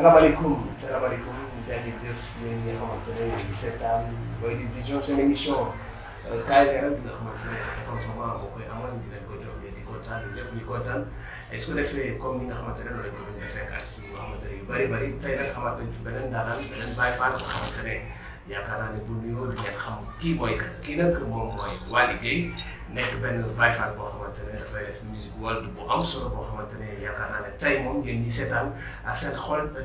salaamaaleykum salaamaaleykum jaajëf yéen ñi nga xamante ne di seetaan mooy di di jox seen émission kaay leeral bi nga xamante ne comme souvent boo koy amal di leen ko jox di kontaan ñëpp ñu kontaan et su ko defee comme ni nga xamante ne loolu ko defee ak artistes yi nga xamante yu bëri bëri tey nag xamaat fi beneen daanaan beneen Baye Fall nga xamante ne yaakaar naa ne bu nuyoo di kii mooy kii nag moom mooy Waly Gueye nekk benn bayfal boo xamante ne dafay def musique world bu am solo boo xamante ne yaakaar naa ne tey moom yéen ñi xol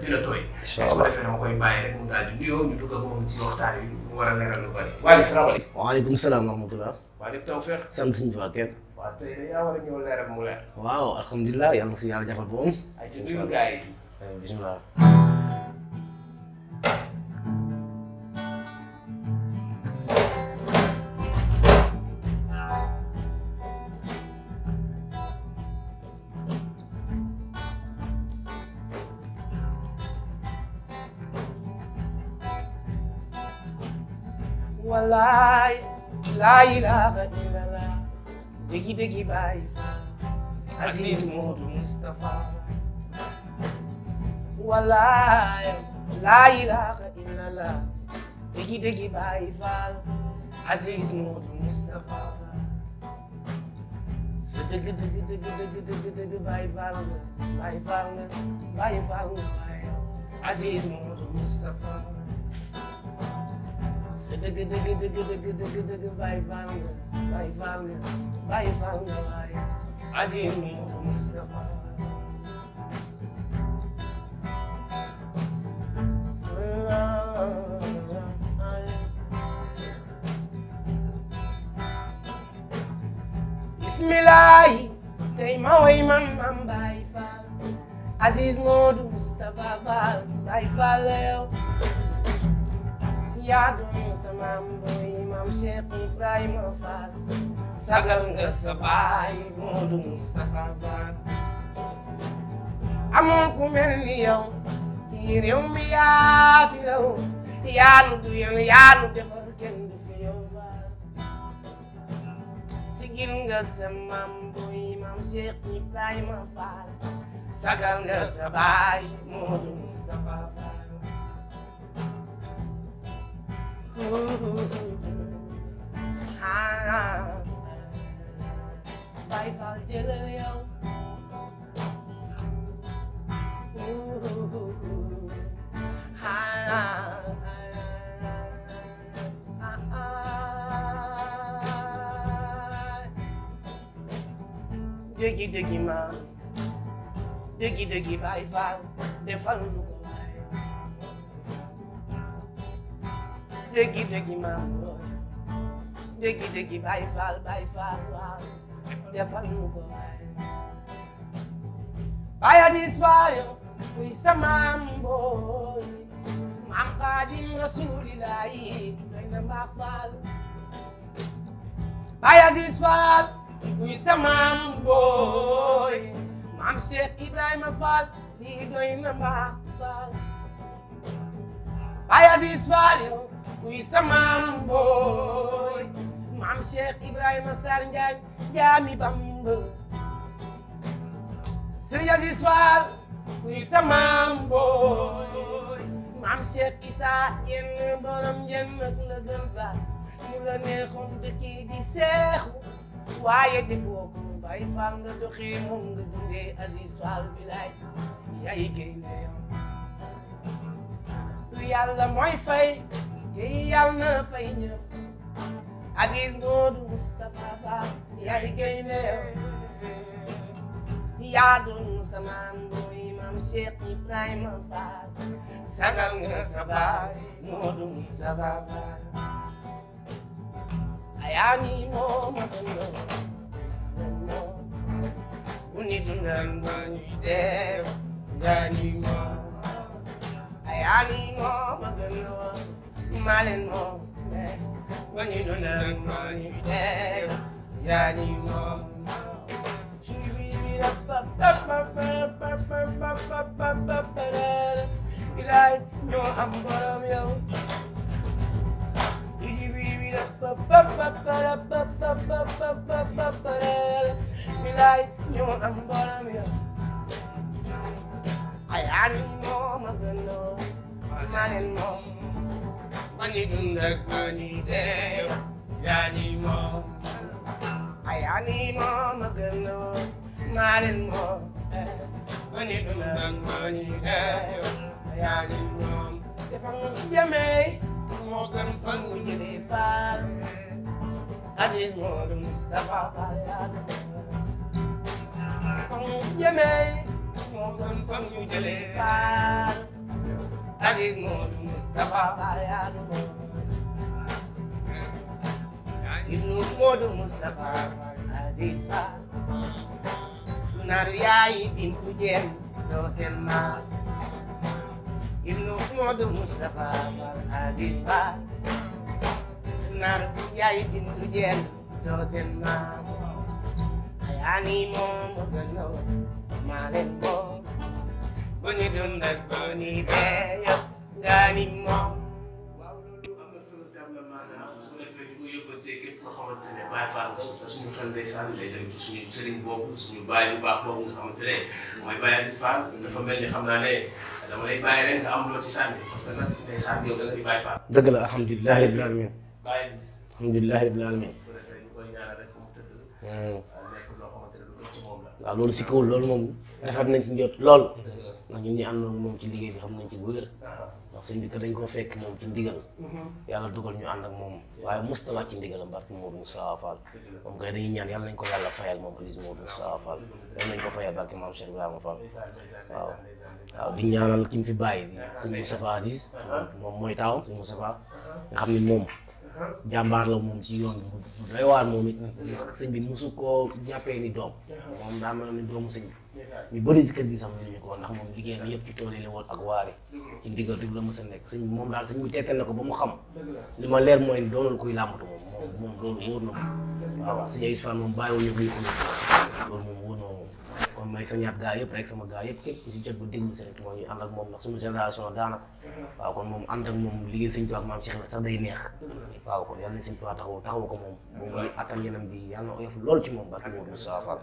dina tooy. incha allah su ko defee rek mu daal di nuyoo ñu dugg ak moom ci waxtaan yi mu a leeral lu salaam. wa rahmatulah. war a ñëw leeral mu waaw alhamdulilah yàlla si yàlla jafal boobu. ay ci nuyu gars yi. bisimilah. walay, la ilahe illallah, digi digi bay, Aziz Modu Mustafa. Walay, la ilahe illallah, digi digi ba'yval Aziz Modu Mustafa. Sa digi digi digi digi digi digi ba'yval ba'yval bay valga, bay valga, Aziz Modu Mustafa. Vai, valga, vai, valga, vai, valga, vai. Faz em mim um samba. Bismillah, tem mão em mamãe, vai, fala. Aziz Modo, Mustafa, vai, valeu. yaa dund sa maam booy maam Cheikh Ibrahima Fall sagal nga sa baay Moodu Mustafa Fall ku mel ni yow ci réew mi yaa fi raw yaa nu du yow yaa nu defar kenn du fi yow Fall sigil nga sa maam booy maam Cheikh Ibrahima Fall sagal nga sa baay Moodu Mustafa Vai fala de leão Diggy diggy man Diggy diggy bye, bye, De falo no Degi degi mango Degi degi bai fal bai fal wow Ya fal mugo Baya dis fayo Kui samambo Mamkadim rasulilahi Naina makfal Baya dis fal Kui mambo, Mam Sheikh Ibrahim fal Lidoina makfal Baya dis fayo kuy samaam booy maam Cheikh Ibrahima Sarr Ndiaye jaami Bamba Sëriñ Aziz Fall kuy samaam booy maam Cheikh Issa yenn borom jenn ak la gën fa ñu la neexoon dëkk di seexu waaye defoo ko Baye Fall nga doxee moom nga dundee Aziz Fall bilaay yaay géy ne yow lu yàlla mooy fay I am fay ñëw Aziz Modou Moustapha Ba yaay gay neew yaa doon sama ndooy maam Cheikh Ibrahima Fall sagal I malin mo Wani no na mani de ya ni mo Ilai yo ambaram yo Ilai yo ambaram yo Ayani mo magano malin mo Mani dundag mani deo Yani mo Ayani mo magano Malin mo Mani dundag mani deo Ayani mo Defang yame Mogan fang unyele far Aziz mo dum Mustafa Faryado Fang yame Mogan fang unyele far that is Modu Mustafa. Ibnu Aziz Fa. Naru yaay bintu jeen doo seen maas. Ibnu Modu Mustafa Aziz Fa. Naru yaay bintu jeen doo seen Ayaani moom mu gën loo maa bu ñu dund ak bu ñu dee yëpp daa ni moom. waaw loolu am na solo tam la maanaam su ko defee ñu ko yóbbantee képp koo xamante ne Baay Faal nga suñu xel ndeysaan lay dem ci suñu sëriñ boobu suñu baay bu baax boobu nga xamante ne mooy Baay Aziz Fall dafa mel ni xam naa ne dama lay bàyyi rek nga am loo ci sànni parce que nag ndeysaan yow da nga di Baay Faal. dëgg la alhamdulilah rabbil alamin. Baay Aziz. alhamdulilah rabbil alamin. su ko defee ñu koy ñaanal rek mu tëdd. waaw nekk loo xamante ne lu gën ci moom la. waaw loolu si kawul loolu moom rafet nañ ci njot lool. ndax ñun ñu moom ci liggéey bi xam nañ ci bu ndax sëñ bi que dañ koo fekk moom ci ndigal yàlla dugal ñu ànd ak moom waaye mos na wàcc ci ndigalam barki Modou Moustapha Fall moom kay dañuy ñaan yàlla nañ ko yàlla fayal moom Aziz Modou Moustapha Fall yàlla nañ ko fayal barki maam Cheikh Ibrahima Fall waaw waaw di ki fi bàyyi bi sëñ Moustapha moom mooy taawam sëñ Moustapha nga xam ne moom jàmbaar la moom ci yoon bi doy waar moom it sëñ bi mosu koo jàppee ni doom moom daa mel ni doomu sëñ bi ñu bëri si kër gi sax mënuñu ko ndax moom liggéey na yëpp ci tool yi la woon ak la mos a nekk sëñ bi moom daal sëñ bi teetal na ko ba mu xam li ma leer mooy doonul la làmbatu moom moom moom loolu wóor ko waaw sëñ Isfaan moom bàyyiwuñu kuy ko loolu moom wóor moom may sa ñaat yëpp rek sama gaa yëpp képp si jot ba déglu si rek mooy ànd ak moom ndax suñu génération daanaka waaw kon moom ànd ak moom liggéey sëñ tuwaat maam Cheikh sax day neex waaw kon yàlla na sëñ tuwaat taxaw taxaw ko moom moom muy attan yenam bi yàlla na oyof lool ci moom barke moom Moussa Fall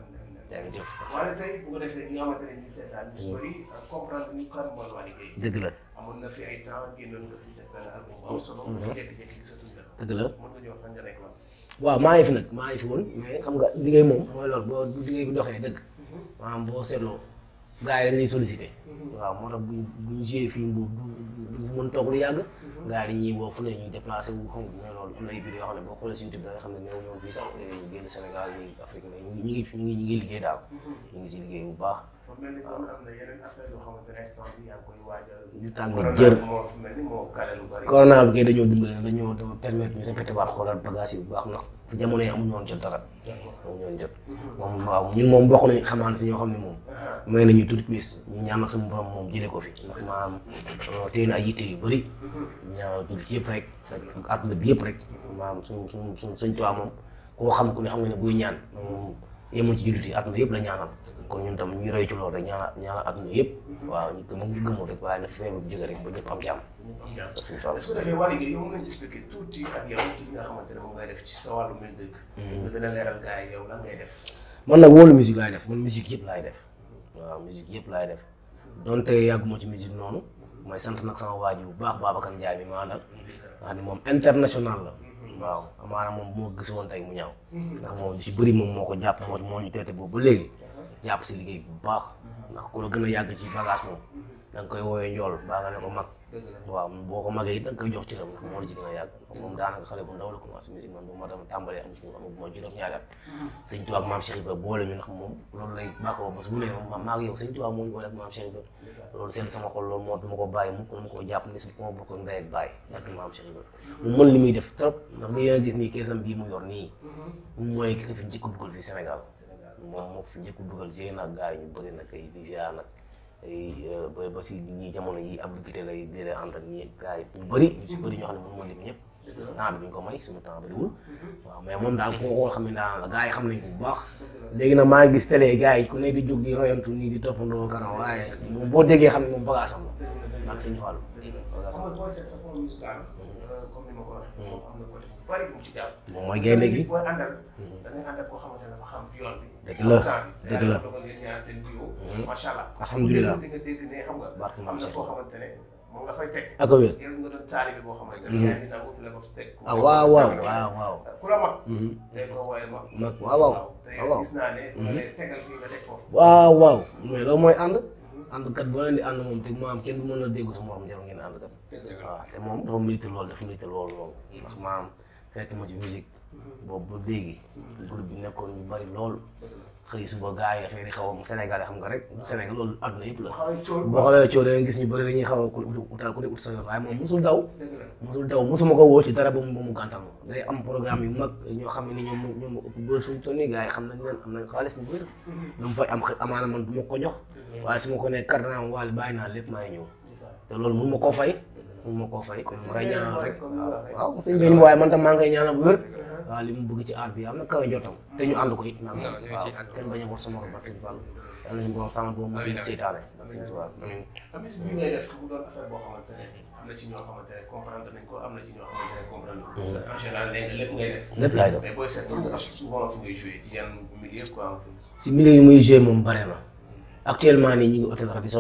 jërëjëf wala tey bu ko defee ñi xamante ne ñu seetaan ñu bëri comprendre ñu kan mooy waa liggéey dëgg la amoon na fi ay temps génnoon nga fi def benn album bu am jékki-jékki dëgg la mën nga ñëw fan nga nekk waaw maa ngi fi nag maa ngi fi woon mais xam nga liggéey moom mooy boo liggéey bi doxee dëgg maanaam boo seetloo gars yi dañ lay sollicité. waaw moo tax bu ñu bu fii bu bu mën toog lu yàgg. gars yi dañuy boo fu ne ñuy déplacé wu xam nga loolu ne boo xoolee si YouTube da xam ne néew ñoom fii sax ñu génn Sénégal ñi Afrique la ñu ngi ñu ngi ñu ngi liggéey daal. ñu ngi si liggéey bu baax. waaw mel ni kon am na yeneen affaire yoo xamante ne instant bii yaa ngi koy waajal. ñu tàng jër corona bi kay dañoo dimbali dañoo dafa permettre ñu répété waat xoolal bagage yi bu baax ndax jamono yi amuñu woon jot dara. amuñu woon jot. moom waaw ñun moom bokk nañ xamaan si ñoo xam ne moom. may nañu tuuti plus ñu ñaanal suñu borom moom jëlee ko fi ndax maanaam euh, téye na ay yitte yu bëri. ñaanal tuuti ci yëpp rek ak àdduna bi yëpp rek. maanaam suñ suñ suñ suñ tuwaa moom koo xam ku ne xam nga ne buy ñaan. moom yemul ci jullit yi àdduna yëpp la ñaanal. kon ñun tam ñu roy ci loolu rek ñaanal ñaanal àdduna yëpp. waaw ñu gëm a gëmul rek waaye na feebar bi jóge rek ba ñëpp am jàmm. ko defee wàllu gi yow nga expliqué tuuti ak hmm. man nag wóolu musique laay def man musique yëpp laay def waaw musique laay def donte yàgguma ci musique noonu mooy sant nag sama waajur bu baax Babacar njaay bi maa dal ni moom international la. waaw amaana moom bu ma gis woon tey mu ñaaw. Hmm. ndax moom ci bëri moom moo ko jàpp moo moo ñu teete boobu ba léegi jàpp si liggéey bu baax ndax ku la gën a yàgg ci bagage moom da nga koy woowee njool baa ne ko mag waaw boo ko magee it da nga koy jox ci gën a yàgg moom daanaka xale bu ndaw la commencé musique man bu ma dama ak maam Cheikh boole ñu ndax moom loolu lay bàkkoo bés bu ne moom maa ngi yow sëñ Tuubaa moo ñu boole ak maam Cheikh loolu seen sama xol loolu moo du ma ko bàyyi mukk dama ko jàpp ni si ko ma bokk ndey ak bàyyi ak maam Cheikh Ibra mën li muy def trop ndax li nga gis nii keesam bii mu yor nii mooy ki ko fi njëkk dugal fii moom moo fi njëkk dugal Zeyna ak gars yi ñu bëri nag ay Viviane euh, yi ab liggéey lay diree entre ñi gars yi ñu bëri. ñu si bëri ñoo xam ne ko may suñu temps bëriwul. waaw mais moom daal ku ko xam ne yi xam nañ bu baax. léegi nag maa gis télé gars yi ku ne di jóg di royantu di toppandoo kanam waaye moom boo déggee xam ne moom bagaasam la. ak suñu bagaasam la. bari bu ci dal mom moy gaynde gi bo andal hmm. da ngay andal ko xamante ne xam yoon bi deug la deug la hmm. ma sha Allah alhamdullilah da nga deg ne xam nga am na ko xamante ne mom nga fay tek ak wër yow nga doon talibi bo xamante ne hmm. yaa dina wut la ko tek ah waaw waaw waaw waaw ku la mak day ko woyé mak mak waaw waaw waaw gis na ne lay tegal fi nga tek fofu waaw waaw mais lo moy and and kat bo andi and mom te mo am kenn mëna déggu sa morom jaru ngeen and kat waaw te mom dafa mérite lool dafa mérite lool lool ndax maam directement ci musique mm-hmm. boobu ba léegi mm-hmm. groupe bi nekkoon ñu bari lool xëy suba gars yi affaire yi xaw a Sénégal xam nga rek mm-hmm. Sénégal loolu àdduna yëpp la boo xawee coow da nga gis ñu a utal ku ne ut sa waaye moom mosul daw ko woo ci dara ba mu ba mu gàntal yu mag ñoo xam ne ni ñoom ñoom ëpp bës fu mu toll nii gars yi xam nañ leen am nañ xaalis bu bëri lu mu fay am amaana man du ma ko loolu mun ma koo fay mau kau kayak kau merenya rek kau sih main buaya mantan mang kayak nyala ber lim bëgg ci aar bi am na kaw jotam te ñu ànd ko it kenn bañ a sama robar sëñ Fall yàlla suñu borom sàmm boobu mosu seytaane ak sëñ Tuubaa amin am ci ñu ngay def bu doon affaire boo xamante ci ñoo comprendre nañ ko ci ñoo comprendre en général ngay def def mais souvent ngay ci milieu quoi milieu muy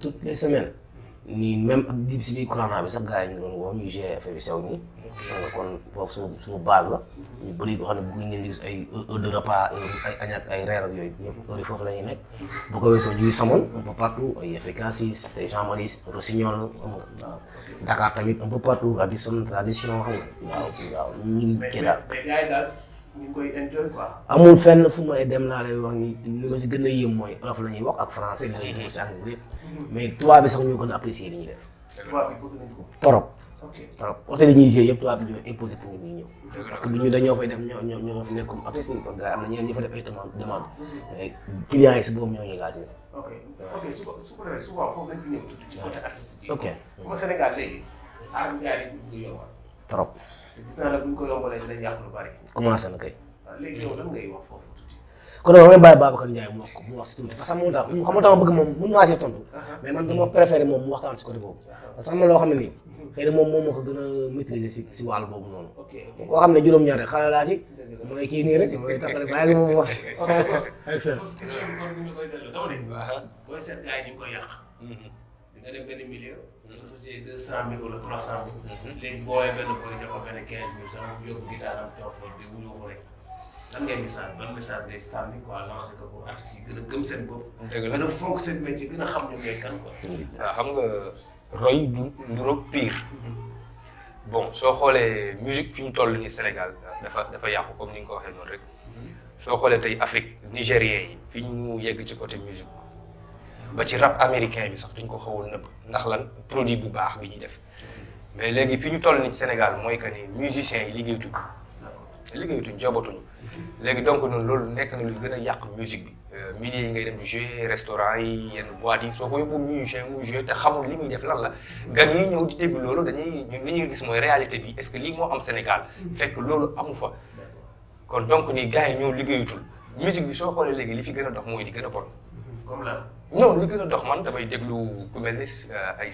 toutes les semaines nii même ak si biir corona bi sax gars yi ñu doon woo ñu gérer affaire yu sew nii. xam nga kon foofu suñu suñu base la. ñu bëri boo xam ne bu ngeen di gis ay reer ak yooyu ñëpp foofu la nekk. bu ko weesoo ñu ngi somon un partout ay efficaces saint jean Dakar tamit un peu partout tradition tradition xam nga waaw waaw ñu ngi kii ñu koy enjoy amul fenn fu may dem naa lay wax ni li ma si gën a yëm mooy olof la ñuy wax ak français. dinañ dugg si anglais mm-hmm. mais tubaab bi sax a apprécier li ñuy def. tubaab bi bëgg nañ yëpp tubaab bi ñoo imposé pour ñu ñëw. parce que bu ñu dañoo fay dem ñoo ñoo ñoo fi nekk comme apprécié kon gars fa def ay demande demande. Mm-hmm. mais yi si boobu ñoo ñu laaj ñu. ok su ko su ko defee souvent foofu lañ trop te gis naa nag bu ñu ko yombalee dinañ yàq lu bari. commencé na kay. waaw ah, léegi yow lan ngay wax foofu tuuti. kon nag damay bàyyi Babacar Ndiaye mu wax ko mu wax si tuuti parce que moom daal xam nga dama bëgg moom mën naa see tontu. mais man dama na loo xam na moom a ñu ngi fa cent mille wala trois cent mille. Mhm. léegi booyee benn boy jox ko benn quinze mille sax mu jóg gitaaram toog fa di wuyu ko a gëm seen bopp. dëgg la a fonk ah, nga roy du nduróog pire. Mhm. bon soo xoolee musique fi mu toll nii Sénégal dafa dafa yàqu comme ni nga ko waxee noonu rek. Mhm. soo xoolee tey Afrique nigérien yi fi ñu yegg ci côté musique. ba ci rap américain bi sax dañ ko xawoon nëbb ndax lan produit bu baax bi ñuy def mais léegi fi ñu toll ni ci Sénégal mooy que ni musiciens yi liggéeyatuñ liggéeyatuñ jobatuñu léegi donc noonu loolu nekk na luy gën a yàq musique bi milier yi ngay dem jouer restaurant yi yenn boîte yi soo ko yóbbu musicien mu jouer te xamul li muy def lan la gan yi ñëw di déglu loolu dañuy li ñuy gis mooy réalité bi est-ce que lii moo am Sénégal fekk loolu amu fa kon donc ni gars yi ñoo liggéeyutul musique bi soo xoolee léegi li fi gën a dox mooy di gën a bon comme la non lu gën a dox man damay déglu ku mel ni euh, ay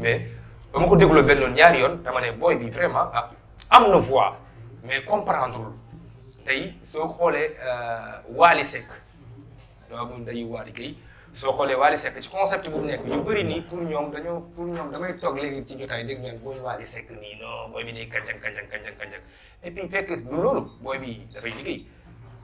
mais ba ma ko dégloo benn ñaari yoon dama vraiment ah, am voix mais comprendre tey soo xoolee euh, Seck soo xoolee les ci concept bu mu nekk yu bëri nii pour ñoom dañoo pour ñoom damay toog léegi ci jotaay dégg ngeen booy non bi day et puis bi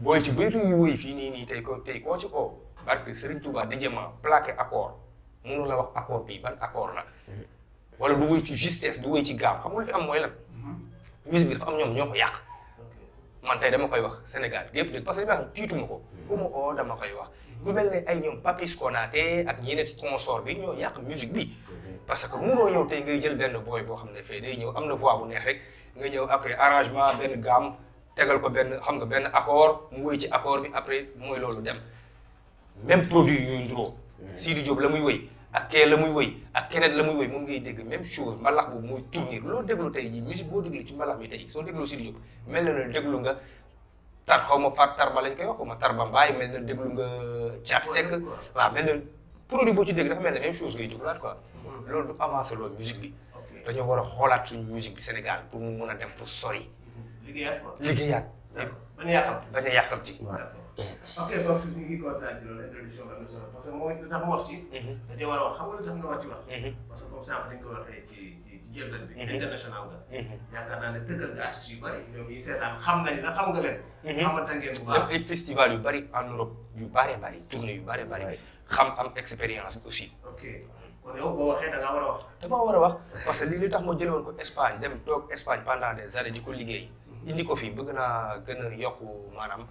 booy ci bëri yu wéy fii nii nii tey ko tey koo ci oo barke Serigne Touba da jëma plaqué accord mënu la wax accord bii ban accord la wala du wéy ci justesse du wéy ci gaam xam nga fi am mooy lan mhm. musique bi dafa am ñoom ñoo ko yàq man tey dama koy wax Sénégal yëpp ne parce que li ma wax mhm. ma ko ku ma oo dama koy wax ku mel ne ay ñoom Papis Konaté ak ñeneen consort bi ñoo yàq musique bi parce que mënoo yow tey ngay jël benn booy boo xam ne fee day ñëw am na voix bu neex rek nga ñëw après arrangement benn gaam tegal ko benn xam nga benn accord mu wëy ci accord bi après mooy loolu dem même produit yooyu nduroo hmm. Sidi Diop la muy wëy ak kee la muy wëy ak keneen la muy wëy moom ngay dégg même chose mbalax boobu mooy tournir loo déglu tey jii musique boo déglu ci mbalax bi tey soo dégloo Sidi Diop mel na ne déglu nga tar xaw ma fat tarba lañ koy wax xaw ma tarba mbaay mel na déglu nga caat sekk waaw mel na produit boo ci dégg dafa mel ne même chose ngay déglaat loolu du avancé loo musique bi dañoo war a xoolaat suñu musique bi Sénégal pour mu mën a dem fu sori liggéeyaat quoi liggéeyaat. bañ a yàqam bañ a yàqam ci. ok donc ñu ngi kontaan ci loolu introduction bi am na solo parce que moom lu tax mu wax ci. Mhm. da cee war a wax xam nga lu tax nga war ci wax. Mhm. parce que comme ça dañ ko waxee ci ci ci jëndat bi. Mhm. international nga. yaakaar naa ne tëggal nga artistes yu bëri ñoom yi seetaan xam nañ la xam nga leen. xamante ngeen bu baax def ay festival yu bëri en Europe yu bëree bëri tournée yu bëree bëri. xam am expérience bi aussi. ok. kon yow boo waxee da ngaa war a wax. damaa war a wax parce que lii li tax ma jëlee woon ko Espagne dem toog Espagne pendant des années di ko liggéey. indi ko fi bëgg naa gën a yokku maanaam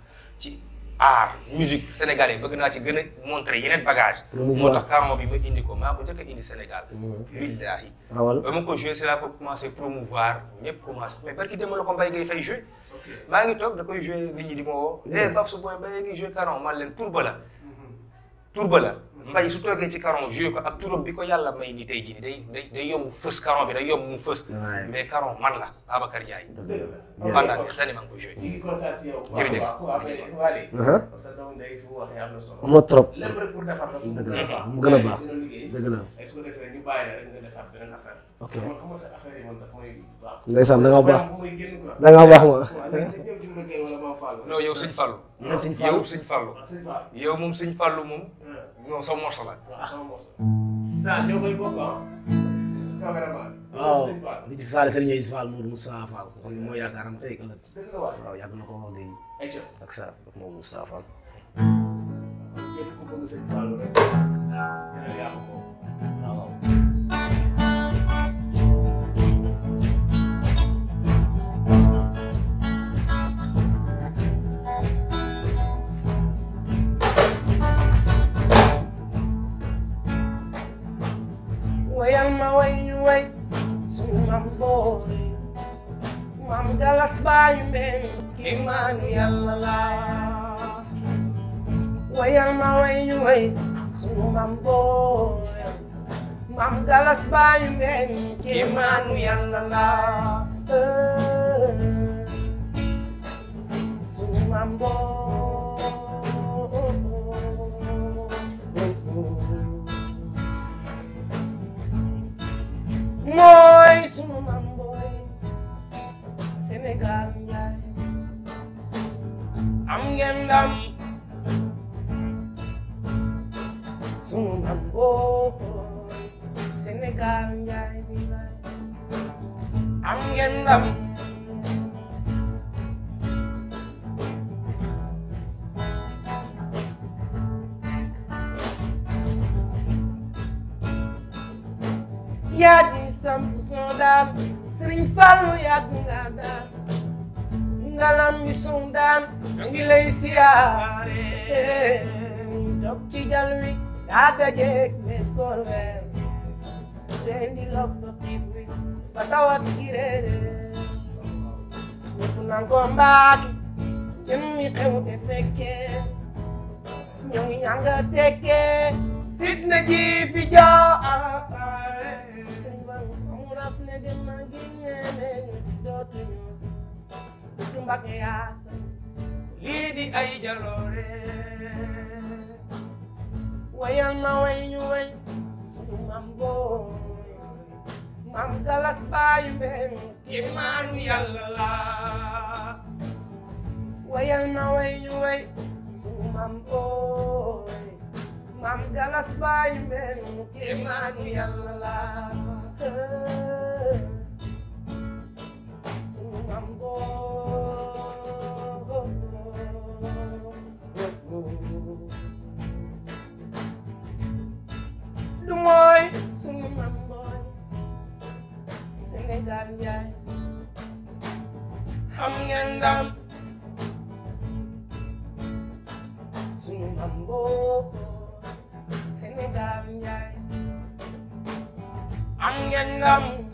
ci art musique sénégalais bëgg naa ci gën a montré yeneen bagage moo tax carrément bi ma indi ko maa ko njëkk a indi Sénégal. billaahi. ba ma ko joué c'est là ko commencé promouvoir ñëpp commencé mais barki dama la ko mbay Gueye fay joué. maa ngi toog da koy joué nit ñi di ma woo. eh Babou Boye Mbaye ngi joué carrément man leen turba la. Mhm. turba la. mbay su toogee ci caron joué ko ak turam bi ko yàlla may ni tey ji day day day yomb fës caron bi day yomb mu fës mais caron man la Babacar Ndiaye man la sani maa ngi koy joué jërëjëf moo trop dëgg la mu gën a baax dëgg la ok ndeysaan da nga baax da nga baax ma non yow sëñ Fallou yow ah, sëñ Fallou yow moom sëñ Fallou moom non sama morso saa ñoo koy bokk ah. cameraman. waaw oh, li ci Is Fall Mourou Moussa Fall kon mooy yaakaaram tey ëllëg. dëgg la waaw yàgg ak sa moom Moussa Fall. away. Soon I'm going. Mamgalas bayumen kimani yalala. Wayang mawayuway sumambo. Mamgalas bayumen kimani yalala. boy. Eh. mooy sunu maam mooy Sénégal njaay am ngeen ndam sunu maam mooy Sénégal njaay am ngeen ndam sëriñ Fallu yàgg nga daan ngalam bi sundaan ngi lay siyaare toog ci jal wi daa dajeeg ne koor weer leen di wi ba tawat gi réere ñëpp naan ko mbaaki jëm mi xew te fekkee ñoo ngi ñaan nga tekkee fitna ji woote dëkk Mbàkke yaasa lii di ay jaloore wayal ma way ñu way suñu mam booy mam galas baayu mbéem kéemaanu yàlla la wayal ma way đúng rồi xuống những năm rồi sẽ ngày càng dài hăm ngàn năm xuống những năm rồi ăn ngàn năm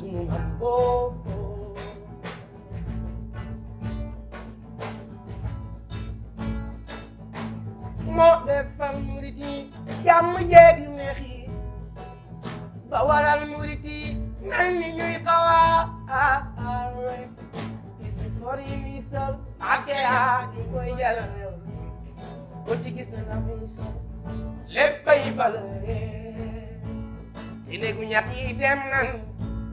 semua bohong moo defar murit yi jàmm jeeg yu neex yi ba waral murit yi mel ni ñuy xawaar gis for yi ni sol ake yaa ñu koy jalal ko ci na muy sol léppay balare ci néegu ñax dem nan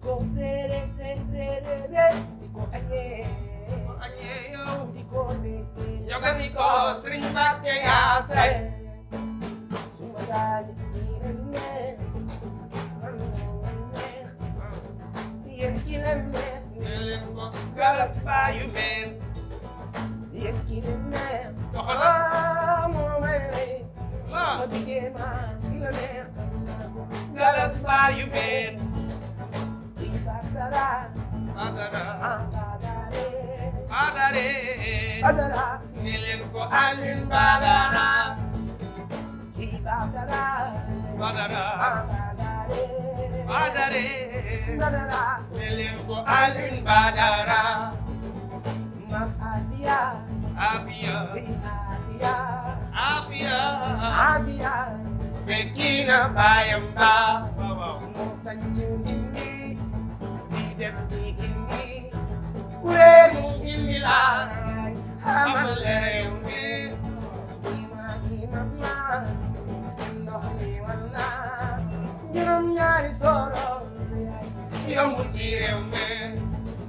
Diko re re re re re re. Diko anye. Diko yo. Diko re re. Yoga diko sring bakye ya say. Sumagay ni ne. Yes, kill him, man. Galas by you, man. Yes, kill him, ma Tohala, more way. La, begin, man. Kill him, man. Galas by you, man. Badara ni leen ko Alioune Badara Badara Badara ni leen ko Alioune Badara Mam Abia Abia Abia Abia Abia Fekina bayam ba Musa Jindi def ni gindi weeru gindi laa xamal la réew mi ma gi mat naa ndox mi war naa juróom ñaari soro yomb ci réew mi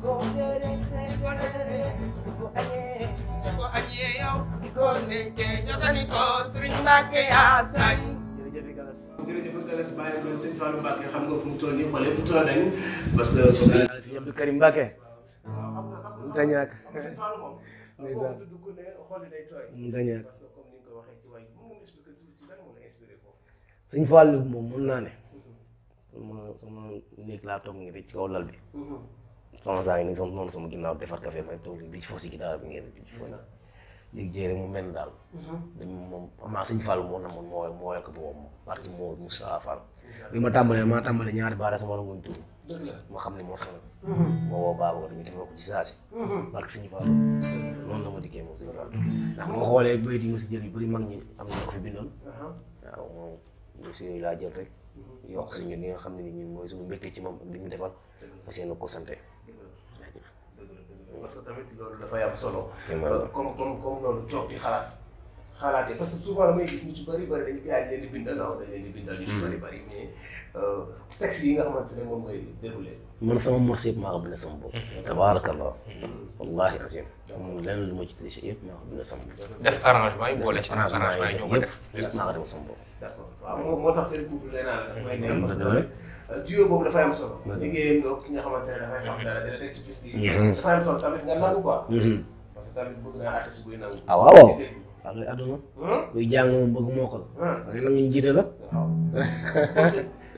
ko dere ko dere ko añee ko añee yow ko nekkee jotani ko Sëriñ Mbàkke yaa sañ Galas. jërëjëf Galas bàyyi loolu sëñ Fallou mu toll moom mën naa ne. sama sama néeg laa toog ngi ci kaw lal bi. Mhm. sama saa ngi nii sama noonu sama ginnaaw defar café may toog di foofu si gitaar bi ngeen di foofu. jéeg-jéeg rek mu mel daal. Mhm. dañ moom amaa sëñ Fall moo namoon moo moo woyal ko boobu moom barki moo Moussa Fall. bi ma tàmbalee maa tàmbalee ñaari baara sama la woon ma xam ne moo sonal. ma mhm. woo Babacar tamit defal ko ci saa mhm. ma dikkee moom xoolee béykat ma si jël yu ñi am na ko fi uh-huh. jël rek. yokk suñu li nga xam ne ñun mooy suñu mbégte ci moom ak li mu defal. parce que na ko sante. exactamente loolu dafay am solo. comme comme comme loolu toog di xalaat. xalaatee parce que souvent damay gis ñu ci bëri bëri dañu yaa leen di bindal waaw dañ leen di bindal ñu ci bëri bëri mais texte yi nga xamante ne moom ngay déroulé. man sama morceau yëpp maa ko bind sama bopp. tabaarakallah. wallaahi azim. amul lenn lu ma ci triché yëpp maa ko bind sama bopp. def arrangement yi boole ci arrangement yi ñoo ko def yëpp maa ko def sama bopp. d' accord waaw moo tax seen couple nee naa la daf may neex. duo boobu dafay am solo. liggéeyam nga ki nga xamante ne dafay xam mm-hmm. dara dina teg ci piste yi. Mm-hmm. dafay am solo tamit nga nangu quoi. Mm-hmm. parce que aduna ah, hmm? kuy jàng moom bëgg moo ko hmm. la. waaw nangu ñu jiite la.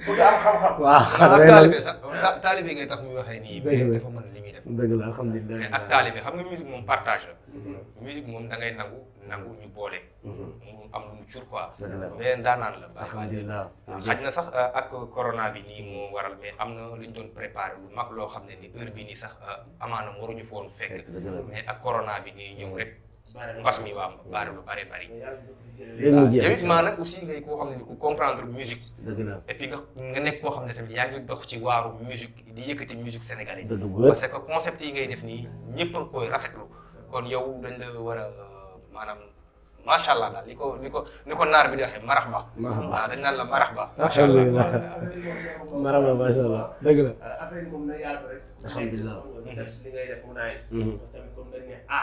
ku am xam-xam. waaw taalibe ngay tax muy waxee nii. dafa mën li muy def. dëgg la alhamdulilah mais ak taalibe xam nga musique moom partage la. Mhm. moom da nangu nangu ñu boole. Mhm. mu am lu mu cur quoi. mais ndaanaan la. alhamdulilah xaj na sax euh, ak corona bi nii moo waral mais am na lu doon préparé lu mag loo xam ne ni heure bi nii sax euh, amaana waruñu foon fekk. mais ak corona bi nii ñëw rek. mbas mi waaw baare lu bare bari. léegi mu nag aussi ngay koo xam ne ku comprendre musique. dëgg la et puis nga nekk koo xam ne tamit yaa ngi dox ci waaru musique di yëkkati musique sénégalais. parce que concept yi ngay def nii ñëpp a koy rafetlu. kon yow dañ la war a maanaam macha allah daal li ko li ko ni ko naar bi di waxee marax ba. waaw dañ naan allah marax ba macha allah dëgg la. alhamdulilah.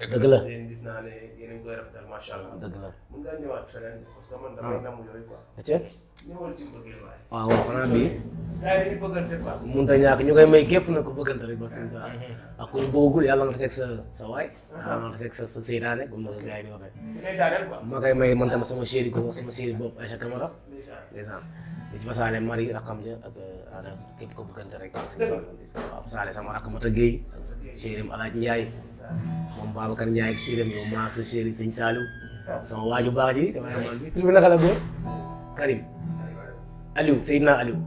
dëgg la gis naa ne yéen a ngi koy rafetal macha allah. dëgg ah. la nah, mun ngaa ñëwaat feneen parce que man damay namm yooyu quoi. ci bëggee waaye. waaw yi ñu ñu koy may képp na ko bëggante rek ba sëñ ak ku bëggul yàlla nga teg sa sa waay. yàlla nga teg sa sa seytaane comme ni gars yi di waxee. ma koy may man tam sama chéri ah. ko ah. kan. sama chéri bopp Aïcha Camara. ndeysaan di ci fasaale Marie rakam ja ak képp ko bëggante rek. fasaale sama rakk Mata Gueye ak chérim alaaj Njaay moom Babacar Njaay ak chérim yow maa ak sa chéri sëñ sama waaju baax ji dama ne man bi tur naka la góor Karim Aliou Seydina Aliou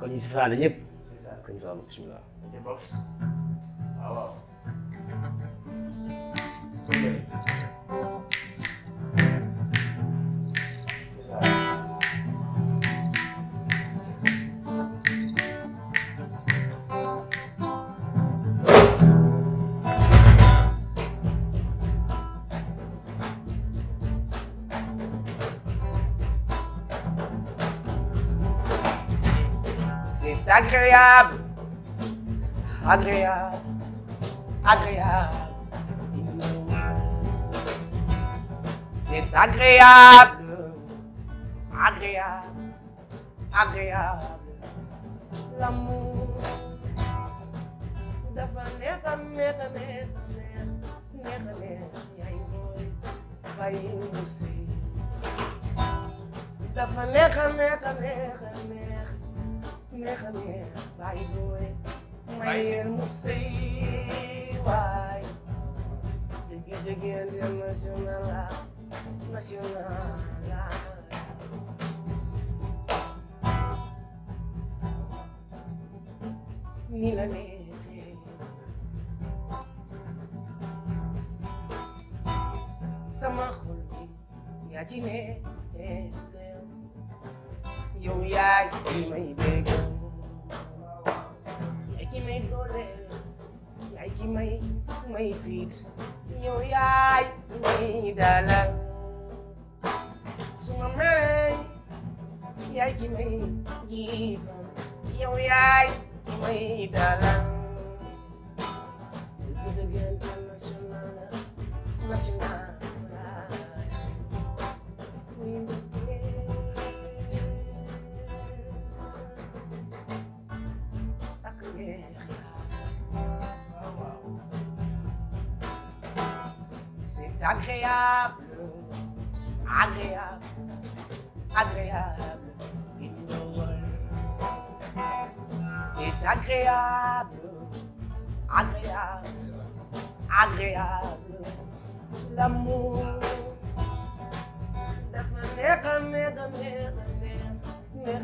kon ñu si fasaale ñëpp sëñ Fallou bismillah agreado, agreado, agreado. C'est agréable, agréable, agréable. L'amour da vaneta mera mera mera mera e aí vai vai em você da vaneta merda, merda, mera neex a neex baay booy mayeen mu sëy waay jege jege international national ni la neexee sama xol bi yaa ci nekk yow yaa ci may My feet, fix yow yaay may dalal suma merey yaay give may giifal yow yaay may darling. agréable, agréable, agréable in the world. C'est agréable, agréable, agréable, l'amour. Mega, mega, mega, mega,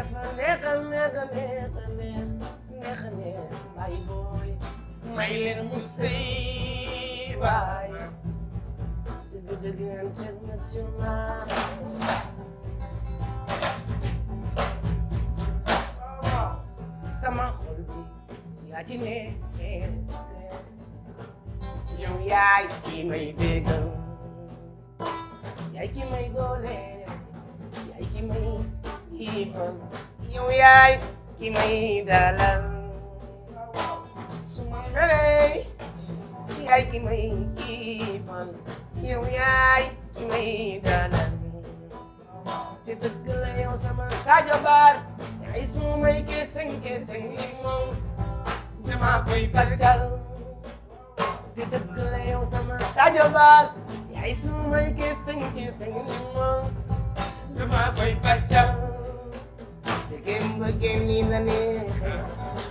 mega, mega, mega, mega, mega, Rane, vai boy, maile sei, vai. Devido ganhar internacional. Sama holbi, yajine, yung yai que me begang, yai ki may gole, yai ki Ivan, ibang, yung yai ki may Sumangalay, yay ki may kipan, yow yaay ki may danan. Te dëgg la yow sama Sadio Bar, yaay sumay keseng keseng li moom, dama koy bàjjal. Te dëgg la yow sama Sadio Bar, yaay sumay keseng keseng li moom, dama koy bàjjal. Te ba gëm ni la neexee.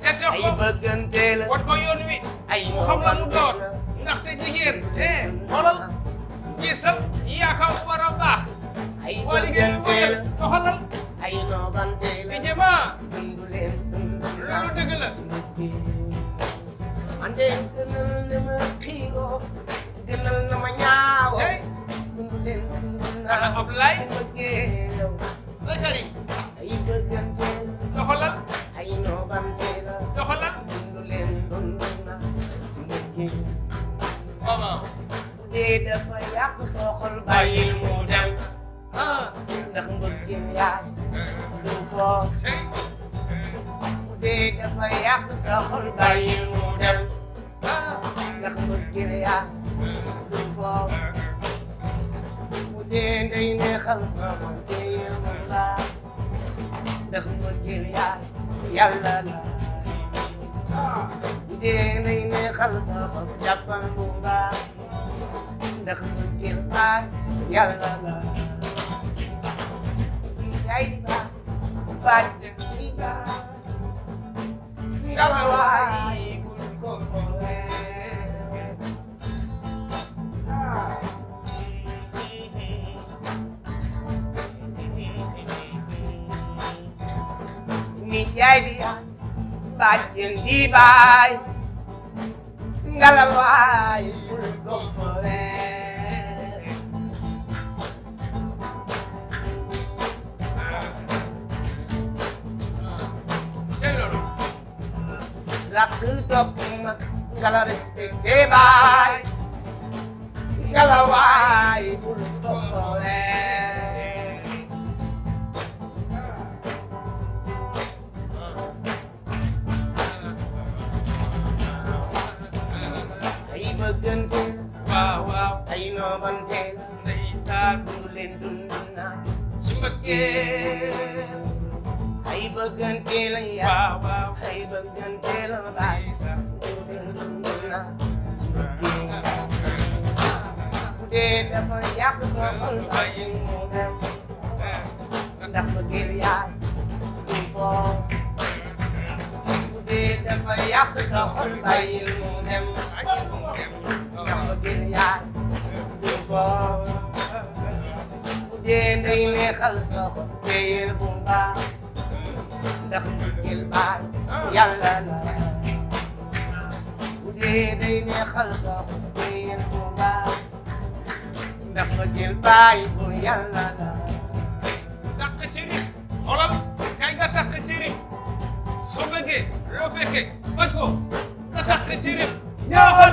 ca eh, ay bëggante la wat ko yoon wi ay la mu doon ndaxte jigéen eh xoolal gisal yaa ko war a baax ay bëggante la doxalal ay noobante la di jëma dundu leen loolu dëgg la man de gënal na ma xiiroo gënal na ma ñaawoo dundu leen dundu naa Ablaye baay ngalaw waay bul gomle la respecté baay ngalaw waay bul gomle wow wow thấy nó vẫn hen à. lấy ra đu lên đun đun nào chim bạc ghê thấy bạc gần kia là wow wow thấy bạc à. à. gần kia là lại ra đu lên đun đun nào Hãy subscribe cho kênh Ghiền Mì Gõ Để không bỏ lỡ những video hấp dẫn Hãy subscribe cho kênh Ghiền Mì Gõ Để không bỏ lỡ những video hấp dẫn ñam gën yaay du foofu bu dee day neexal sa xol téyel bu baax ndax ndigal baay yàlla la bu dee day neexal sa xol téyel bu baax ndax ndigal baay bu yàlla la takk ci ri xoolal kay nga takk ci ri soo bëggee loo fekkee baj ko nga takk ci ri ñaawal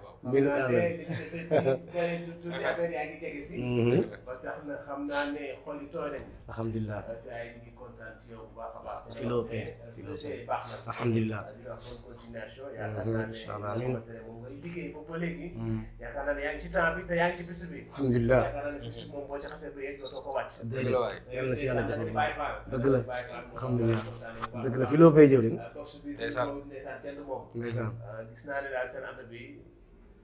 بالامل الحمد لله الحمد لله ان شاء الله الحمد لله الحمد لله الحمد لله الحمد لله الحمد لله الحمد لله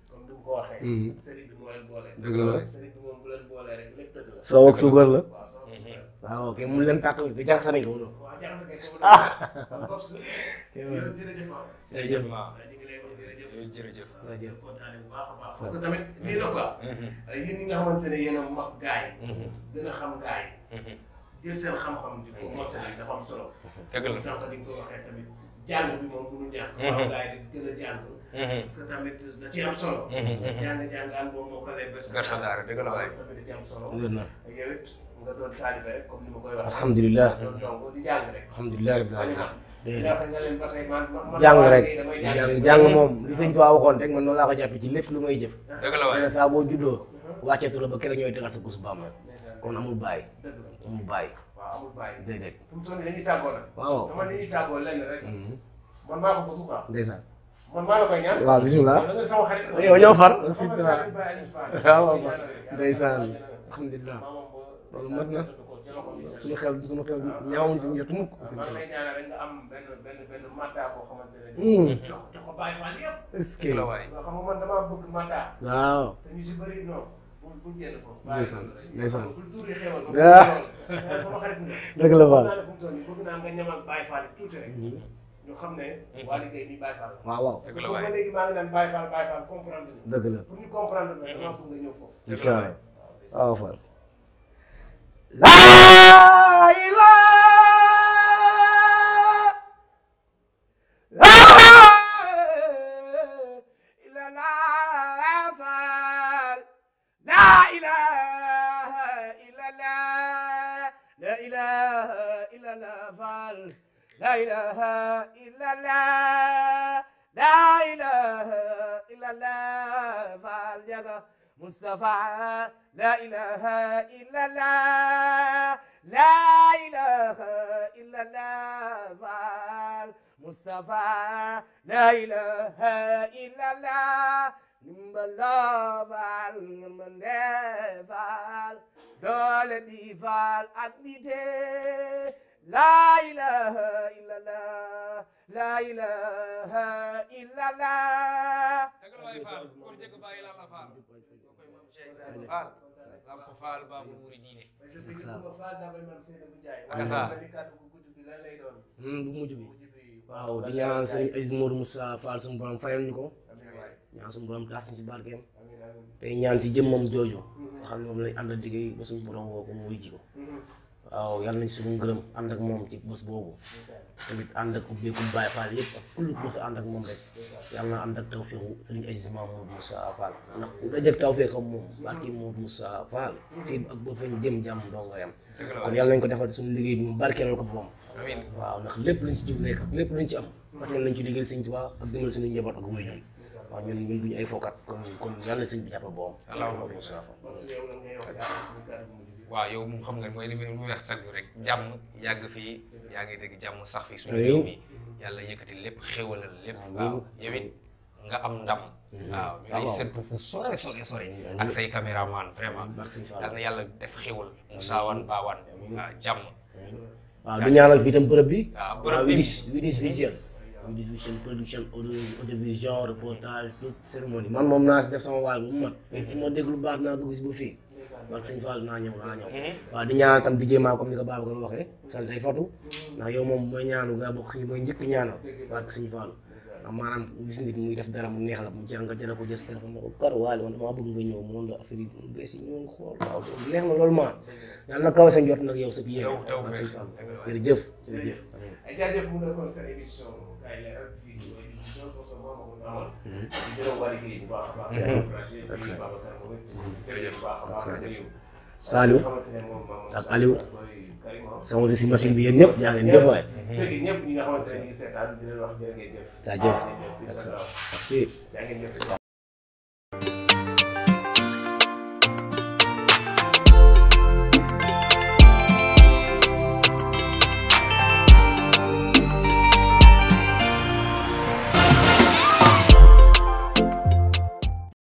comme ni mu ko waxee. Hmm. sëriñ bi moo leen boole. dëgg la sëriñ bi moom bu leen boolee rek lépp dëgg la. soow ak suukar la. waaw hmm. ok mu leen tàqal di jaxase rek. waaw jaxase rek moom comme si. jërëjëf waaw jërëjëf waaw. jërëjëf jërëjëf. kontaanee bu baax a baax. parce que tamit lii la quoi. Hmm, yéen ñi nga xamante ne yéen a mag gaay gën a xam gaay jël seen xam-xam di ko mottali dafa am solo. dëgg la sànq ni nga ko waxee tamit jàng bi moom mënul ñàkk. xam gaay yi di gën a jàng. parce tamit da ci am solo. jàng jàngaan boo moo ko lay bersa daara dëgg la waay tamit da ci am solo. wér na yow it nga doon taalibe rek comme ni ma koy waxee. alhamdulilah doon dong di jàng rek. alhamdulilah rabbil alamin. jàng rek jàng jàng moom li sëñ Tuubaa waxoon rek man mm-hmm. noonu laa ko jàppe ci lépp lu may jëf seen saa boo juddoo wàcceetu la ba keroog ñooy tegal sa kus baam kon amul bàyyi amul bàyyi déedéet waaw man maa ko bëgg quoi ndeysaan man maa la koy ñaan waaw bisimilah yow ñoo far waaw ndeysaan alhamdulilah loolu mat na suñu xel suñu xel ñaawuñ si njot mukk est-ce que waaw ndeysaan ndeysaan dëgg la Fall ñu xam ne. Mhm. waa laa ilaaha لا إله إلا الله لا إله إلا الله فاليقى مصطفى لا إله إلا الله لا إله إلا الله مصطفى لا إله إلا الله الله بلابال منفال دول بيفال أكبيته لا إله laa إله إلا الله bu mujj bi waaw di ñaan sëriñ Aziz Modou Moussa Fall suñu borom fayal ñu ko ñaan suñu borom taas ñu ci barkeem tey ñaan si jëmmam jooju xam ne moom lañ ànd ak liggéey ba suñu borom woo mu wuy ko waaw yàlla nañ ngërëm ànd ak moom ci bés boobu tamit ànd ak ubbeeku Baye Fall yëpp ak kullu mos a ànd ak moom rek yàlla na ànd ak tawféexu sëriñ Aïsima Modou Moussa Fall ndax ku dajëk tawféexam moom barki Modou Moussa Fall fii ak ba fañ jëm jàmm ko defal suñu liggéey bi moom barkeelal ko moom waaw ndax lépp ci jub rek ak lépp luñ ci am parce que lañ ci liggéeyal sëñ Tuubaa ak dimbal suñu njaboot ak wéy ñun waaw ñun ñun duñu ay fookat kon kon yàlla sëñ bi boom waaw yow moom xam nga mooy li muy wax sax rek jàmm yàgg fii yaa ngi dégg jàmm sax fii suñu réew yàlla yëkkati lépp xéwalal lépp waaw yow it nga am ndam mm-hmm. waaw ñu lay séntu fu sore sore sore mm-hmm. ak say caméraman vraiment yal mm-hmm. na yàlla def xéwal musaawan baawaan waaw jàmm waaw ah, du ñaanal fii itam bërëb bi waaw ah, bërëb bi ah, Widish Vision Widish Vision production audiovisuel reportage toute cérémonie man moom naa si def sama waay bu mu mat fu ma déglu baax naa fii man sëñ Fall naa ñëw naa ñëw. Mhm. waaw di ñaanal tam di jéemaa comme ni ko Babacar waxee. xel day fatu ndax yow moom mooy ñaanu nga bokk si mooy ndax maanaam gis nit muy def dara mu neex la mu jar nga jëlee ko jës téléphone ne ko kar waale man damaa bëgg nga ñëw mu woon la affaire yi bu bees yi xool neex na loolu maa yàlla na kaw sa njort nag yow sa biir yow barke sëñ Fall jërëjëf jërëjëf. amoon di gërëm waa liggéey bu a baax jërëjëf a baax Saliou ak Aliou sama si machine bi yéen ñëpp ñaa ngeen def waay ñëpp ñi nga ne seetaan di leen wax jërë ngeen jëf jaajëf